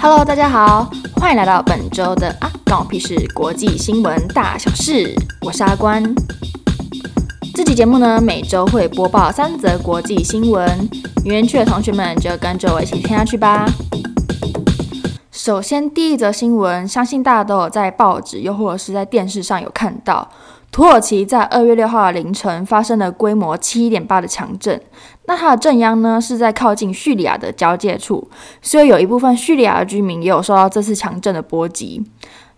Hello，大家好，歡迎來到本周的啊，關我屁事國際新聞大小事，我是阿關。這期節目呢，每周會播報三則國際新聞，留言區的同學們就跟着我一起聽下去吧。首先，第一則新聞，相信大家都有在報紙，又或者是在電視上有看到，土耳其在二月六號的凌晨發生了規模七點八的強震。那它的震央呢，是在靠近敘利亞的交界處，所以有一部分敘利亞的居民也有受到這次強震的波及。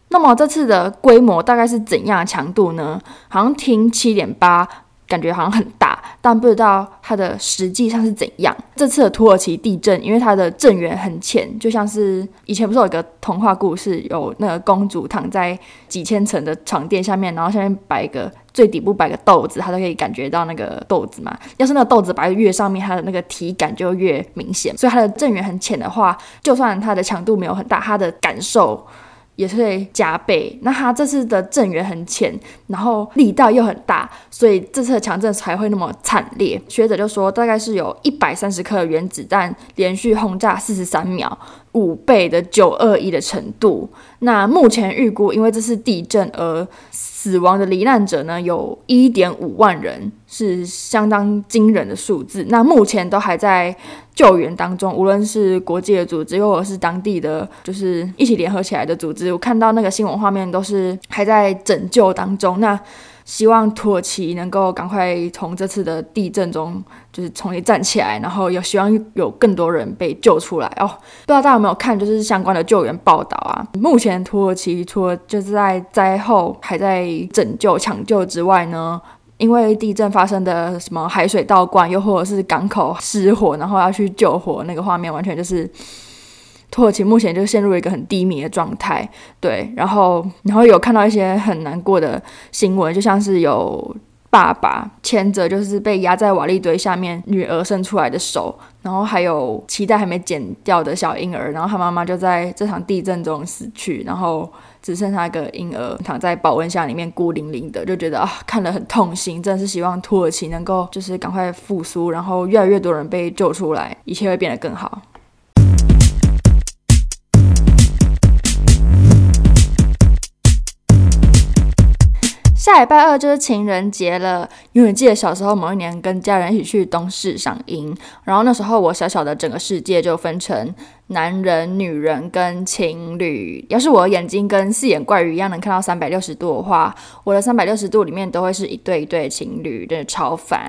那麼這次的規模大概是怎樣的強度呢？好像聽七點八，感覺好像很大。但不知道它的實際上是怎樣。這次的土耳其地震，因為它的震源很淺，就像是以前不是有個童話故事，有那個公主躺在幾千層的床墊下面，然後下面擺一個，最底部擺個豆子，她都可以感覺到那個豆子嘛。要是那個豆子擺越上面，它的那個體感就越明顯。所以它的震源很淺的話，就算它的強度沒有很大，它的感受。也是會加倍。那它這次的震源很淺，然後力道又很大，所以這次的強震才會那麼慘烈。學者就說，大概是有一百三十顆原子彈連續轟炸四十三秒。五倍的九二一的程度。那目前預估，因為這次地震而死亡的罹難者呢，有1.5萬人，是相當驚人的數字。那目前都還在救援當中，無論是國際的組織，或者是當地的，就是一起聯合起來的組織。我看到那個新聞畫面，都是還在拯救當中。那希望土耳其能夠趕快從這次的地震中，就是重新站起來，然後也希望有更多人被救出來哦。不知道大家有沒有看，就是相關的救援報道啊。目前土耳其除了就是在災後還在拯救搶救之外呢，因為地震發生的什麼海水倒灌，又或者是港口失火，然後要去救火，那個畫面完全就是。土耳其目前就陷入一個很低迷的狀態，對，然後然後有看到一些很難過的新聞，就像是有爸爸牽着就是被壓在瓦礫堆下面女兒伸出來的手，然後還有臍帶還沒剪掉的小嬰兒，然後他媽媽就在這場地震中死去，然後只剩下一個嬰兒躺在保溫箱裡面孤零零的，就覺得啊，看得很痛心，真的是希望土耳其能夠就是趕快復甦，然後越來越多人被救出來，一切會變得更好。下禮拜二就是情人節了，永遠記得小時候某一年跟家人一起去東勢賞櫻，然後那時候我小小的整個世界就分成男人、女人跟情侶。要是我的眼睛跟四眼怪魚一樣能看到三百六十度的話，我的三百六十度裡面都會是一對一對情侶，真的超煩。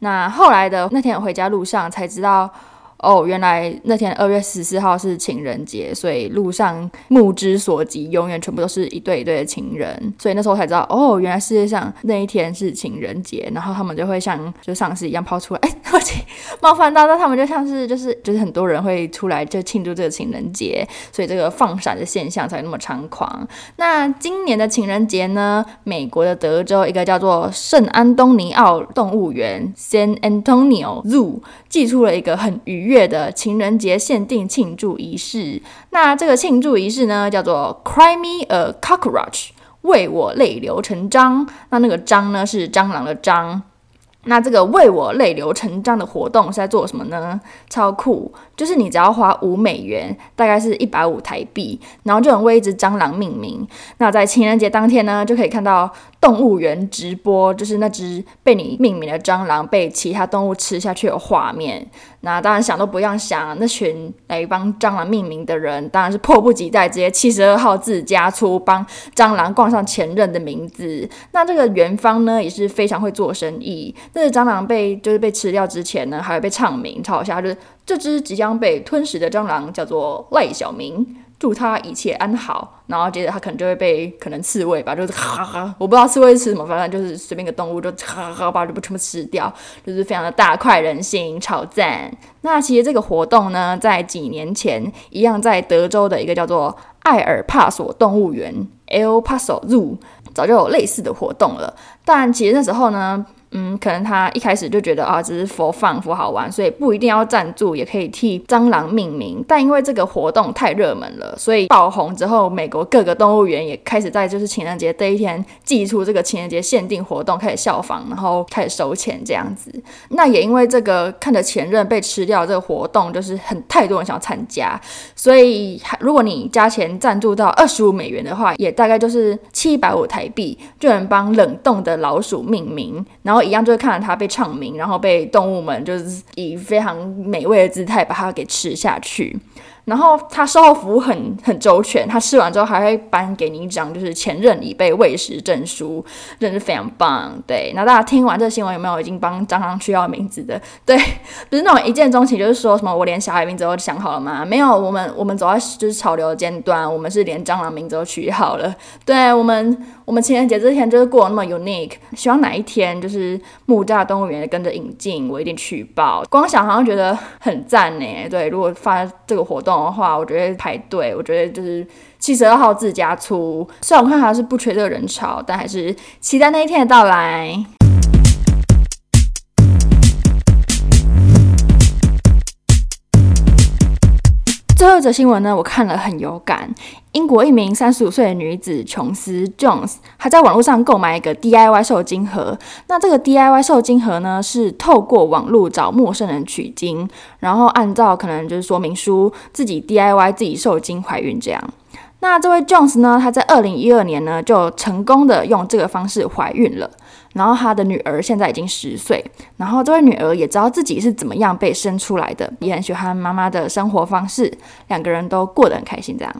那後來的那天我回家路上才知道。哦，原來那天二月十四號是情人節，所以路上目之所及，永遠全部都是一對一對的情人，所以那時候我才知道，哦，原來世界上那一天是情人節，然後他們就會像就喪屍一樣跑出來，哎，抱歉冒犯到，那他們就像是就是就是很多人會出來就慶祝這個情人節，所以這個放閃的現象才那麼猖狂。那今年的情人節呢，美國的德州一個叫做聖安東尼奧動物園 （San Antonio Zoo） 寄出了一個很愉。月的情人節限定慶祝儀式，那這個慶祝儀式呢，叫做 Cry Me a Cockroach，為我淚流成章。那那個章呢，是蟑螂的章。那這個為我淚流成章的活動是在做什麼呢？超酷！就是你只要花五美元，大概是一百五台幣，然後就能為一只蟑螂命名。那在情人節當天呢，就可以看到動物園直播，就是那只被你命名的蟑螂被其他動物吃下去的畫面。那當然想都不用想，那群來幫蟑螂命名的人當然是迫不及待，直接七十二號字加粗，幫蟑螂冠上前任的名字。那這個園方呢，也是非常會做生意，但是那個蟑螂被就是被吃掉之前呢，還會被唱名、嘲笑，他就是這只即將被吞噬的蟑螂叫做賴小明。祝他一切安好，然後接着他可能就會被可能刺蝟吧，就是哈哈，我不知道刺蝟是吃什麼，反正就是隨便一個動物就哈哈，把就不全部吃掉，就是非常的大快人心，超讚。那其實這個活動呢，在幾年前，一樣在德州的一個叫做艾爾帕索動物園 （El Paso Zoo） 早就有類似的活動了，但其實那時候呢。嗯，可能他一開始就覺得啊，只是 for fun，for 好玩，所以不一定要贊助，也可以替蟑螂命名。但因為這個活動太熱門了，所以爆紅之後，美國各個動物園也開始在就是情人節這一天祭出這個情人節限定活動，開始效仿，然後開始收錢這樣子。那也因為這個看着前任被吃掉這個活動，就是很太多人想要參加，所以如果你加錢贊助到二十五美元的話，也大概就是七百五台幣就能幫冷凍的老鼠命名，然後。然後一樣，就會看到它被唱名，然後被動物們就是以非常美味的姿態把它給吃下去。然後他售後服務很很周全，他試完之後還會頒給你一張就是前任已被餵食證書，真的是非常棒。對，那大家聽完這個新聞有沒有已經幫蟑螂取好名字的？對，不是那種一見鍾情，就是說什麼我連小孩名字都想好了嗎？沒有，我們我們走在就是潮流的尖端，我們是連蟑螂名字都取好了。對，我們我們情人節這天就是過那麼 unique，希望哪一天就是木柵動物園跟着引進，我一定去報。光想好像覺得很贊呢、欸。對，如果發這個活動。的話，我覺得排隊，我覺得就是七十二號自家出。雖然我看還是不缺這個人潮，但還是期待那一天的到來。這則新聞呢，我看了很有感。英國一名三十五歲的女子瓊斯 （Jones） 她在網絡上購買一個 DIY 受精盒。那這個 DIY 受精盒呢，是透過網絡找陌生人取精，然後按照可能就是說明書自己 DIY 自己受精懷孕這樣。那這位 Jones 呢，她在二零一二年呢就成功的用這個方式懷孕了。然後他的女兒現在已經十歲，然後這位女兒也知道自己是怎麼樣被生出來的，也很喜歡媽媽的生活方式，兩個人都過得很開心。這樣，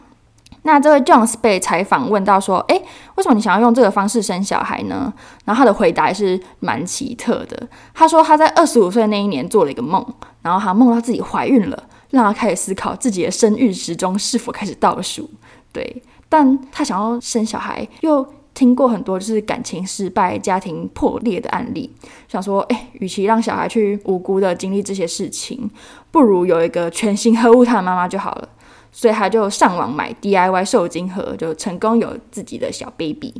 那這位 Jones 被採訪問到說：“誒，為什麼你想要用這個方式生小孩呢？”然後他的回答也是蠻奇特的。他說他在二十五歲那一年做了一個夢，然後他夢到自己懷孕了，讓他開始思考自己的生育時鐘是否開始倒數。對，但他想要生小孩又。聽過很多就是感情失敗、家庭破裂的案例，想說，誒，與其讓小孩去無辜的經歷這些事情，不如有一個全心呵護他的媽媽就好了。所以他就上網買 DIY 受精盒，就成功有自己的小 baby。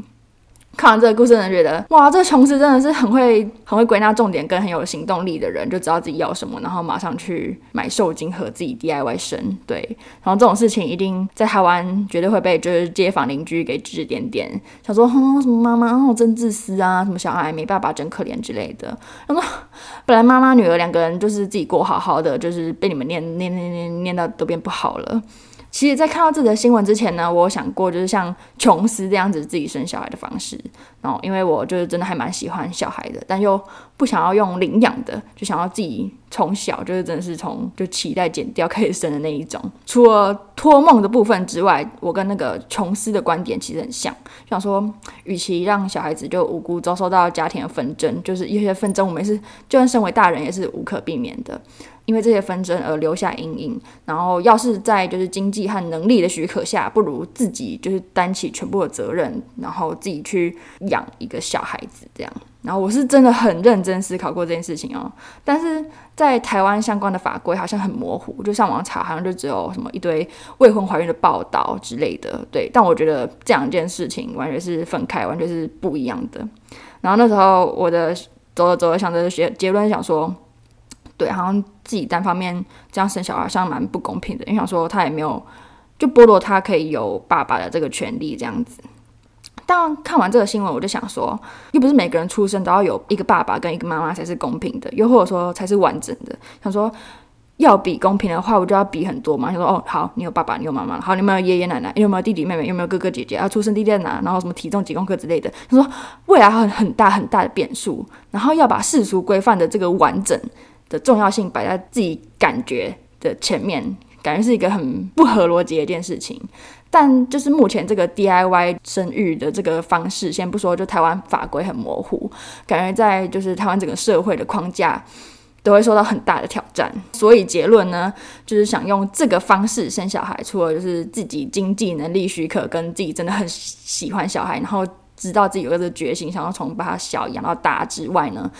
看完這個故事，真的覺得哇，這個瓊斯真的是很會、很會歸納重點跟很有行動力的人，就知道自己要什麼，然後馬上去買授精盒自己 DIY 生。對，然後這種事情一定在台灣絕對會被就是街坊鄰居給指指點點，想說哼、哦、什麼媽媽哦真自私啊，什麼小孩沒爸爸真可憐之類的。他說本來媽媽女兒兩個人就是自己過好好的，就是被你們念念念念念到都變不好了。其實，在看到這則新聞之前呢，我有想過，就是像瓊斯這樣子自己生小孩的方式。然後，因為我就真的還蠻喜歡小孩的，但又不想要用領養的，就想要自己。從小就是真的是從就臍帶剪掉開始生的那一種。除了托夢的部分之外，我跟那個瓊斯的觀點其實很像，想說，與其讓小孩子就無辜遭受到家庭的紛爭，就是一些紛爭，我們也是就算身為大人也是無可避免的，因為這些紛爭而留下陰影。然後要是在就是經濟和能力的許可下，不如自己就是擔起全部的責任，然後自己去養一個小孩子這樣。然後我是真的很認真思考過這件事情哦，但是在台灣相關的法規好像很模糊，就上網查好像就只有什麼一堆未婚懷孕的報道之類的，對。但我覺得這兩件事情完全是分開，完全是不一樣的。然後那時候我的走着走着，想着結結論想說，對，好像自己單方面這樣生小孩，好像蠻不公平的，因為想說他也沒有就剝奪他可以有爸爸的這個權利這樣子。但看完這個新聞，我就想說，又不是每個人出生都要有一個爸爸跟一個媽媽才是公平的，又或者說才是完整的。想說要比公平的話，我就要比很多嘛。想說哦，好，你有爸爸，你有媽媽，好，你有沒有爺爺奶奶？你有沒有弟弟妹妹？有沒有哥哥姐姐？啊，出生地點在哪？然後什麼體重幾公克之類的。他說未來很很大很大的變數，然後要把世俗規範的這個完整的重要性擺在自己感覺的前面，感覺是一個很不合邏輯的一件事情。但就是目前這個 DIY 生育的這個方式，先不說，就台灣法規很模糊，感覺在就是台灣整個社會的框架都會受到很大的挑戰。所以結論呢，就是想用這個方式生小孩，除了就是自己經濟能力許可，跟自己真的很喜歡小孩，然後知道自己有一個決心，想要從把他小養到大之外呢，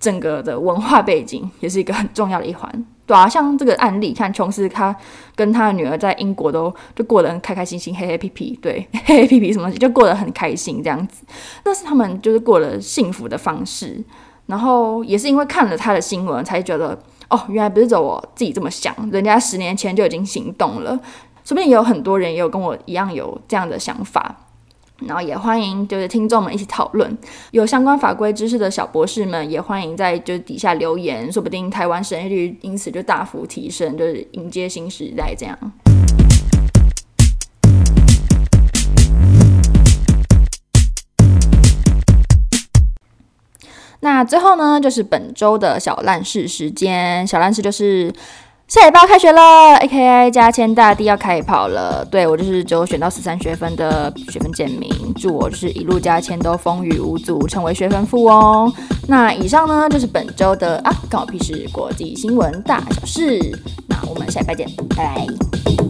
整個的文化背景也是一個很重要的一環，對啊，像這個案例，看瓊斯他跟他的女兒在英國都就過得很開開心心，嘿嘿屁屁，對，嘿嘿屁屁什麼就過得很開心這樣子，那是他們就是過得幸福的方式，然後也是因為看了他的新聞，才覺得哦，原來不是只有我自己這麼想，人家十年前就已經行動了，說不定也有很多人也有跟我一樣有這樣的想法。然後也歡迎就是聽眾們一起討論，有相關法規知識的小博士們也歡迎在就底下留言，說不定台灣生育率因此就大幅提升，就是迎接新時代這樣。 那最後呢，就是本周的小爛事時間，小爛事就是。下波包開學了，AKA 加簽大帝要開跑了。對，我就是，只有選到十三學分的學分簡明，祝我就是一路加簽都風雨無阻，成為學分富翁。那以上呢，就是本周的啊關我屁事國際新聞大小事。那我們下禮拜見，拜拜。